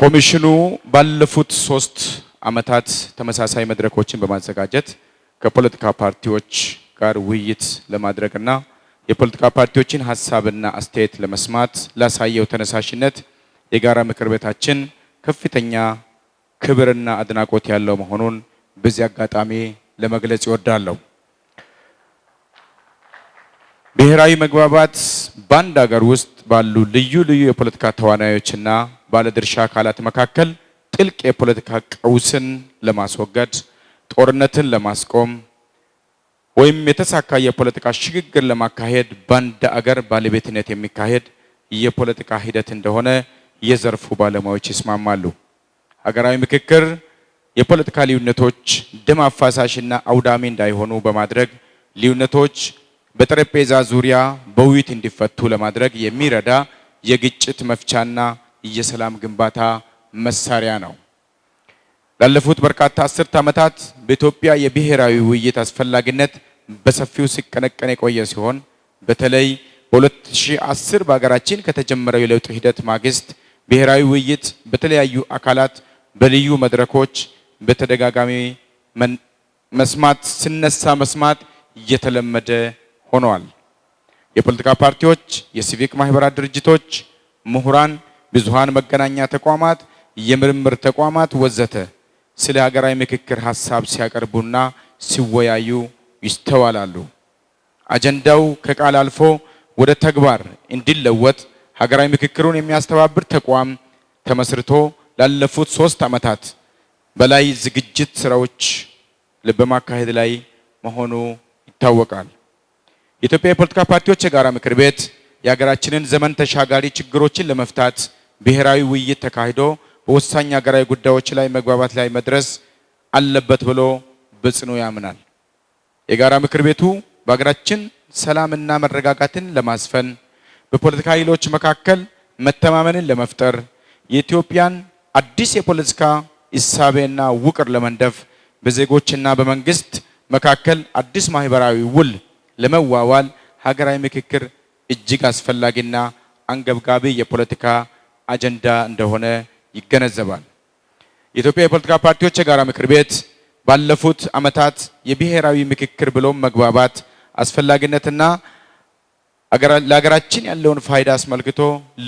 ኮሚሽኑ ባለፉት ሶስት ዓመታት ተመሳሳይ መድረኮችን በማዘጋጀት ከፖለቲካ ፓርቲዎች ጋር ውይይት ለማድረግና የፖለቲካ ፓርቲዎችን ሀሳብና አስተያየት ለመስማት ላሳየው ተነሳሽነት የጋራ ምክር ቤታችን ከፍተኛ ክብርና አድናቆት ያለው መሆኑን በዚህ አጋጣሚ ለመግለጽ ይወዳለሁ። ብሔራዊ መግባባት በአንድ ሀገር ውስጥ ባሉ ልዩ ልዩ የፖለቲካ ተዋናዮችና ባለድርሻ አካላት መካከል ጥልቅ የፖለቲካ ቀውስን ለማስወገድ፣ ጦርነትን ለማስቆም ወይም የተሳካ የፖለቲካ ሽግግር ለማካሄድ በአንድ አገር ባለቤትነት የሚካሄድ የፖለቲካ ሂደት እንደሆነ የዘርፉ ባለሙያዎች ይስማማሉ። ሀገራዊ ምክክር የፖለቲካ ልዩነቶች ደም አፋሳሽና አውዳሚ እንዳይሆኑ በማድረግ ልዩነቶች በጠረጴዛ ዙሪያ በውይይት እንዲፈቱ ለማድረግ የሚረዳ የግጭት መፍቻና የሰላም ግንባታ መሳሪያ ነው። ላለፉት በርካታ አስርት ዓመታት በኢትዮጵያ የብሔራዊ ውይይት አስፈላጊነት በሰፊው ሲቀነቀን የቆየ ሲሆን በተለይ በ2010 በሀገራችን ከተጀመረው የለውጥ ሂደት ማግስት ብሔራዊ ውይይት በተለያዩ አካላት በልዩ መድረኮች በተደጋጋሚ መስማት ሲነሳ መስማት እየተለመደ ሆኗል። የፖለቲካ ፓርቲዎች፣ የሲቪክ ማህበራት ድርጅቶች፣ ምሁራን ብዙሃን መገናኛ ተቋማት፣ የምርምር ተቋማት ወዘተ ስለ ሀገራዊ ምክክር ሀሳብ ሲያቀርቡና ሲወያዩ ይስተዋላሉ። አጀንዳው ከቃል አልፎ ወደ ተግባር እንዲለወጥ ሀገራዊ ምክክሩን የሚያስተባብር ተቋም ተመስርቶ ላለፉት ሶስት ዓመታት በላይ ዝግጅት ስራዎች በማካሄድ ላይ መሆኑ ይታወቃል። የኢትዮጵያ የፖለቲካ ፓርቲዎች የጋራ ምክር ቤት የሀገራችንን ዘመን ተሻጋሪ ችግሮችን ለመፍታት ብሔራዊ ውይይት ተካሂዶ በወሳኝ ሀገራዊ ጉዳዮች ላይ መግባባት ላይ መድረስ አለበት ብሎ በጽኑ ያምናል። የጋራ ምክር ቤቱ በሀገራችን ሰላምና መረጋጋትን ለማስፈን በፖለቲካ ኃይሎች መካከል መተማመንን ለመፍጠር የኢትዮጵያን አዲስ የፖለቲካ እሳቤና ውቅር ለመንደፍ በዜጎችና በመንግስት መካከል አዲስ ማህበራዊ ውል ለመዋዋል ሀገራዊ ምክክር እጅግ አስፈላጊና አንገብጋቢ የፖለቲካ አጀንዳ እንደሆነ ይገነዘባል። የኢትዮጵያ የፖለቲካ ፓርቲዎች የጋራ ምክር ቤት ባለፉት ዓመታት የብሔራዊ ምክክር ብሎም መግባባት አስፈላጊነትና ለሀገራችን ያለውን ፋይዳ አስመልክቶ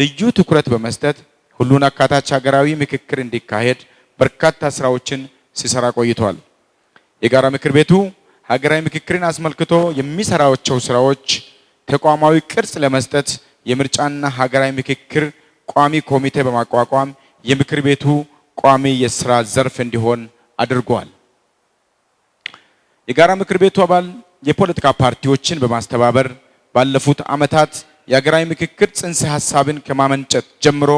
ልዩ ትኩረት በመስጠት ሁሉን አካታች ሀገራዊ ምክክር እንዲካሄድ በርካታ ስራዎችን ሲሰራ ቆይቷል። የጋራ ምክር ቤቱ ሀገራዊ ምክክርን አስመልክቶ የሚሰራቸው ስራዎች ተቋማዊ ቅርጽ ለመስጠት የምርጫና ሀገራዊ ምክክር ቋሚ ኮሚቴ በማቋቋም የምክር ቤቱ ቋሚ የስራ ዘርፍ እንዲሆን አድርጓል። የጋራ ምክር ቤቱ አባል የፖለቲካ ፓርቲዎችን በማስተባበር ባለፉት ዓመታት የሀገራዊ ምክክር ጽንሰ ሀሳብን ከማመንጨት ጀምሮ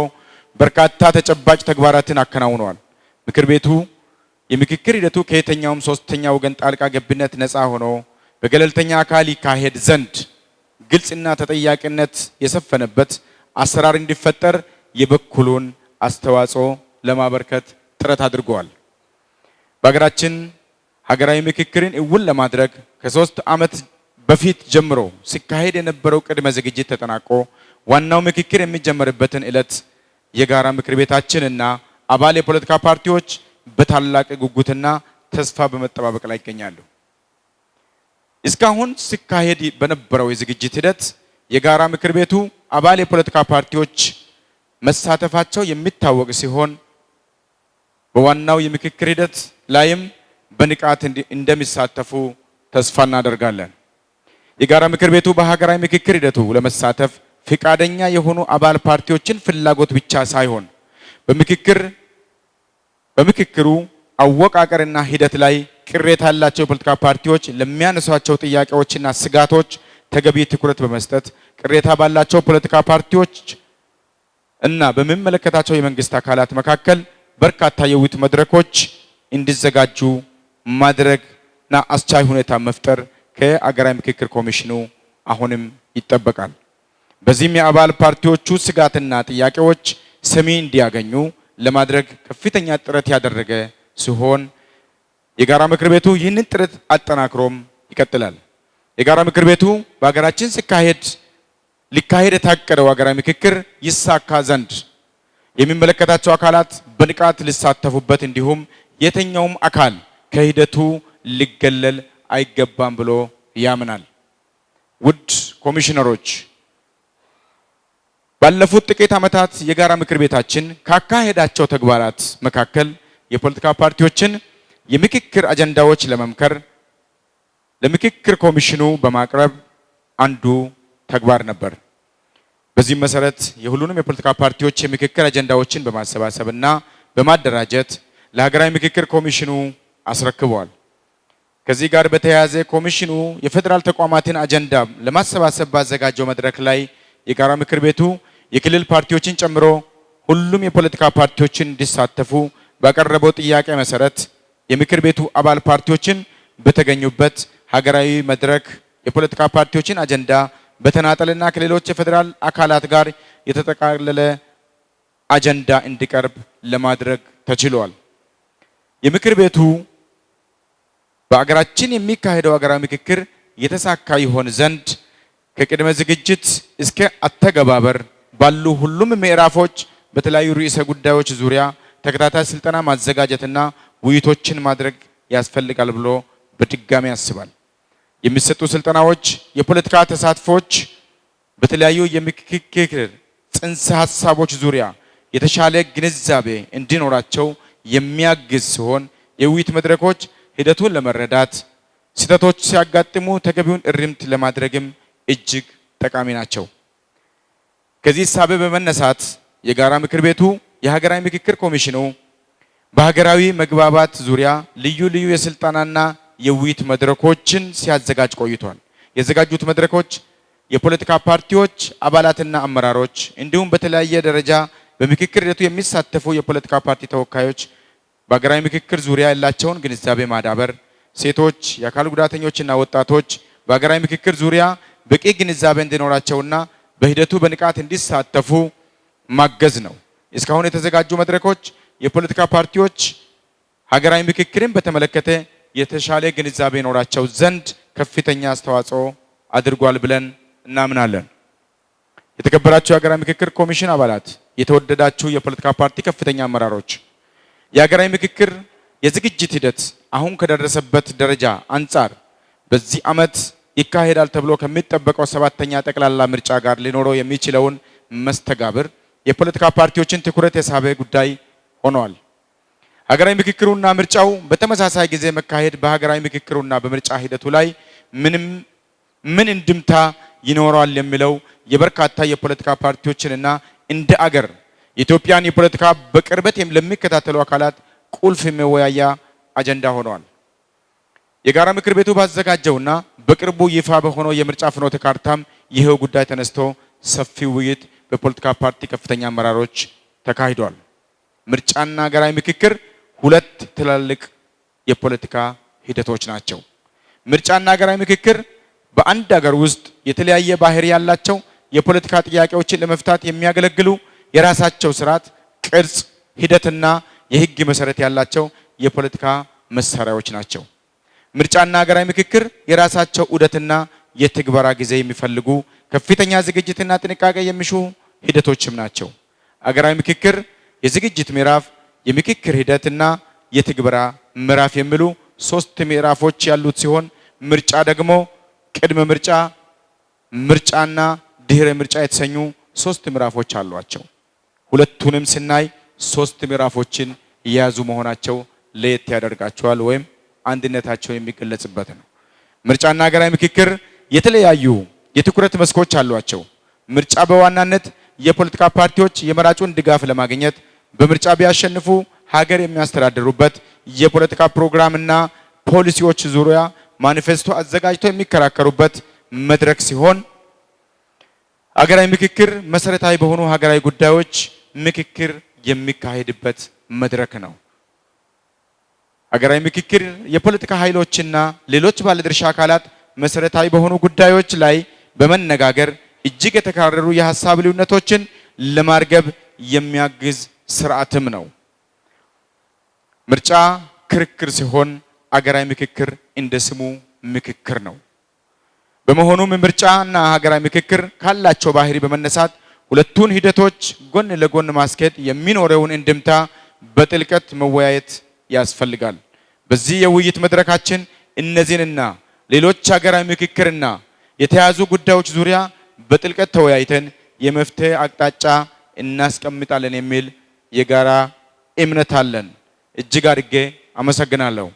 በርካታ ተጨባጭ ተግባራትን አከናውኗል። ምክር ቤቱ የምክክር ሂደቱ ከየትኛውም ሶስተኛ ወገን ጣልቃ ገብነት ነፃ ሆኖ በገለልተኛ አካል ይካሄድ ዘንድ ግልጽና ተጠያቂነት የሰፈነበት አሰራር እንዲፈጠር የበኩሉን አስተዋጽኦ ለማበርከት ጥረት አድርገዋል። በሀገራችን ሀገራዊ ምክክርን እውን ለማድረግ ከሶስት ዓመት በፊት ጀምሮ ሲካሄድ የነበረው ቅድመ ዝግጅት ተጠናቆ ዋናው ምክክር የሚጀመርበትን ዕለት የጋራ ምክር ቤታችንና አባል የፖለቲካ ፓርቲዎች በታላቅ ጉጉትና ተስፋ በመጠባበቅ ላይ ይገኛሉ። እስካሁን ሲካሄድ በነበረው የዝግጅት ሂደት የጋራ ምክር ቤቱ አባል የፖለቲካ ፓርቲዎች መሳተፋቸው የሚታወቅ ሲሆን በዋናው የምክክር ሂደት ላይም በንቃት እንደሚሳተፉ ተስፋ እናደርጋለን። የጋራ ምክር ቤቱ በሀገራዊ ምክክር ሂደቱ ለመሳተፍ ፈቃደኛ የሆኑ አባል ፓርቲዎችን ፍላጎት ብቻ ሳይሆን በምክክር በምክክሩ አወቃቀርና ሂደት ላይ ቅሬታ ያላቸው የፖለቲካ ፓርቲዎች ለሚያነሷቸው ጥያቄዎችና ስጋቶች ተገቢ ትኩረት በመስጠት ቅሬታ ባላቸው ፖለቲካ ፓርቲዎች እና በሚመለከታቸው የመንግስት አካላት መካከል በርካታ የውይይት መድረኮች እንዲዘጋጁ ማድረግና አስቻይ ሁኔታ መፍጠር ከአገራዊ ምክክር ኮሚሽኑ አሁንም ይጠበቃል። በዚህም የአባል ፓርቲዎቹ ስጋትና ጥያቄዎች ሰሚ እንዲያገኙ ለማድረግ ከፍተኛ ጥረት ያደረገ ሲሆን የጋራ ምክር ቤቱ ይህንን ጥረት አጠናክሮም ይቀጥላል። የጋራ ምክር ቤቱ በሀገራችን ሲካሄድ ሊካሄድ የታቀደው ሀገራዊ ምክክር ይሳካ ዘንድ የሚመለከታቸው አካላት በንቃት ሊሳተፉበት፣ እንዲሁም የትኛውም አካል ከሂደቱ ሊገለል አይገባም ብሎ ያምናል። ውድ ኮሚሽነሮች ባለፉት ጥቂት ዓመታት የጋራ ምክር ቤታችን ካካሄዳቸው ተግባራት መካከል የፖለቲካ ፓርቲዎችን የምክክር አጀንዳዎች ለመምከር ለምክክር ኮሚሽኑ በማቅረብ አንዱ ተግባር ነበር። በዚህም መሰረት የሁሉንም የፖለቲካ ፓርቲዎች የምክክር አጀንዳዎችን በማሰባሰብና በማደራጀት ለሀገራዊ ምክክር ኮሚሽኑ አስረክበዋል። ከዚህ ጋር በተያያዘ ኮሚሽኑ የፌዴራል ተቋማትን አጀንዳ ለማሰባሰብ ባዘጋጀው መድረክ ላይ የጋራ ምክር ቤቱ የክልል ፓርቲዎችን ጨምሮ ሁሉም የፖለቲካ ፓርቲዎችን እንዲሳተፉ ባቀረበው ጥያቄ መሰረት የምክር ቤቱ አባል ፓርቲዎችን በተገኙበት ሀገራዊ መድረክ የፖለቲካ ፓርቲዎችን አጀንዳ በተናጠልና ከሌሎች የፌዴራል አካላት ጋር የተጠቃለለ አጀንዳ እንዲቀርብ ለማድረግ ተችሏል። የምክር ቤቱ በአገራችን የሚካሄደው ሀገራዊ ምክክር የተሳካ ይሆን ዘንድ ከቅድመ ዝግጅት እስከ አተገባበር ባሉ ሁሉም ምዕራፎች በተለያዩ ርዕሰ ጉዳዮች ዙሪያ ተከታታይ ስልጠና ማዘጋጀትና ውይይቶችን ማድረግ ያስፈልጋል ብሎ በድጋሚ ያስባል። የሚሰጡ ስልጠናዎች የፖለቲካ ተሳትፎች በተለያዩ የምክክር ጽንሰ ሀሳቦች ዙሪያ የተሻለ ግንዛቤ እንዲኖራቸው የሚያግዝ ሲሆን የውይይት መድረኮች ሂደቱን ለመረዳት ስህተቶች ሲያጋጥሙ ተገቢውን እርምት ለማድረግም እጅግ ጠቃሚ ናቸው። ከዚህ እሳቤ በመነሳት የጋራ ምክር ቤቱ የሀገራዊ ምክክር ኮሚሽኑ በሀገራዊ መግባባት ዙሪያ ልዩ ልዩ የስልጠናና የውይይት መድረኮችን ሲያዘጋጅ ቆይቷል። የዘጋጁት መድረኮች የፖለቲካ ፓርቲዎች አባላትና አመራሮች እንዲሁም በተለያየ ደረጃ በምክክር ሂደቱ የሚሳተፉ የፖለቲካ ፓርቲ ተወካዮች በሀገራዊ ምክክር ዙሪያ ያላቸውን ግንዛቤ ማዳበር፣ ሴቶች፣ የአካል ጉዳተኞችና ወጣቶች በሀገራዊ ምክክር ዙሪያ በቂ ግንዛቤ እንዲኖራቸውና በሂደቱ በንቃት እንዲሳተፉ ማገዝ ነው። እስካሁን የተዘጋጁ መድረኮች የፖለቲካ ፓርቲዎች ሀገራዊ ምክክርን በተመለከተ የተሻለ ግንዛቤ ይኖራቸው ዘንድ ከፍተኛ አስተዋጽኦ አድርጓል ብለን እናምናለን። የተከበራችሁ የሀገራዊ ምክክር ኮሚሽን አባላት፣ የተወደዳችሁ የፖለቲካ ፓርቲ ከፍተኛ አመራሮች፣ የሀገራዊ ምክክር የዝግጅት ሂደት አሁን ከደረሰበት ደረጃ አንጻር በዚህ ዓመት ይካሄዳል ተብሎ ከሚጠበቀው ሰባተኛ ጠቅላላ ምርጫ ጋር ሊኖረው የሚችለውን መስተጋብር የፖለቲካ ፓርቲዎችን ትኩረት የሳበ ጉዳይ ሆኗል። ሀገራዊ ምክክሩና ምርጫው በተመሳሳይ ጊዜ መካሄድ በሀገራዊ ምክክሩና በምርጫ ሂደቱ ላይ ምንም ምን እንድምታ ይኖረዋል የሚለው የበርካታ የፖለቲካ ፓርቲዎችንና እንደ አገር የኢትዮጵያን የፖለቲካ በቅርበት ለሚከታተሉ አካላት ቁልፍ የመወያያ አጀንዳ ሆኗል። የጋራ ምክር ቤቱ ባዘጋጀውና በቅርቡ ይፋ በሆነው የምርጫ ፍኖተ ካርታም ይኸው ጉዳይ ተነስቶ ሰፊ ውይይት በፖለቲካ ፓርቲ ከፍተኛ አመራሮች ተካሂዷል። ምርጫና ሀገራዊ ምክክር ሁለት ትላልቅ የፖለቲካ ሂደቶች ናቸው። ምርጫና ሀገራዊ ምክክር በአንድ ሀገር ውስጥ የተለያየ ባህሪ ያላቸው የፖለቲካ ጥያቄዎችን ለመፍታት የሚያገለግሉ የራሳቸው ስርዓት፣ ቅርጽ፣ ሂደትና የህግ መሰረት ያላቸው የፖለቲካ መሳሪያዎች ናቸው። ምርጫና ሀገራዊ ምክክር የራሳቸው ዑደትና የትግበራ ጊዜ የሚፈልጉ ከፍተኛ ዝግጅትና ጥንቃቄ የሚሹ ሂደቶችም ናቸው። አገራዊ ምክክር የዝግጅት ምዕራፍ፣ የምክክር ሂደትና የትግበራ ምዕራፍ የሚሉ ሶስት ምዕራፎች ያሉት ሲሆን ምርጫ ደግሞ ቅድመ ምርጫ፣ ምርጫና ድህረ ምርጫ የተሰኙ ሶስት ምዕራፎች አሏቸው። ሁለቱንም ስናይ ሶስት ምዕራፎችን እየያዙ መሆናቸው ለየት ያደርጋቸዋል ወይም አንድነታቸው የሚገለጽበት ነው። ምርጫና ሀገራዊ ምክክር የተለያዩ የትኩረት መስኮች አሏቸው። ምርጫ በዋናነት የፖለቲካ ፓርቲዎች የመራጩን ድጋፍ ለማግኘት በምርጫ ቢያሸንፉ ሀገር የሚያስተዳድሩበት የፖለቲካ ፕሮግራምና ፖሊሲዎች ዙሪያ ማኒፌስቶ አዘጋጅተው የሚከራከሩበት መድረክ ሲሆን ሀገራዊ ምክክር መሰረታዊ በሆኑ ሀገራዊ ጉዳዮች ምክክር የሚካሄድበት መድረክ ነው። ሀገራዊ ምክክር የፖለቲካ ኃይሎችና ሌሎች ባለድርሻ አካላት መሰረታዊ በሆኑ ጉዳዮች ላይ በመነጋገር እጅግ የተካረሩ የሀሳብ ልዩነቶችን ለማርገብ የሚያግዝ ስርዓትም ነው። ምርጫ ክርክር ሲሆን አገራዊ ምክክር እንደ ስሙ ምክክር ነው። በመሆኑም ምርጫና ሀገራዊ ምክክር ካላቸው ባህሪ በመነሳት ሁለቱን ሂደቶች ጎን ለጎን ማስኬድ የሚኖረውን እንድምታ በጥልቀት መወያየት ያስፈልጋል። በዚህ የውይይት መድረካችን እነዚህንና ሌሎች ሀገራዊ ምክክርና የተያዙ ጉዳዮች ዙሪያ በጥልቀት ተወያይተን የመፍትሄ አቅጣጫ እናስቀምጣለን የሚል የጋራ እምነት አለን። እጅግ አድርጌ አመሰግናለሁ።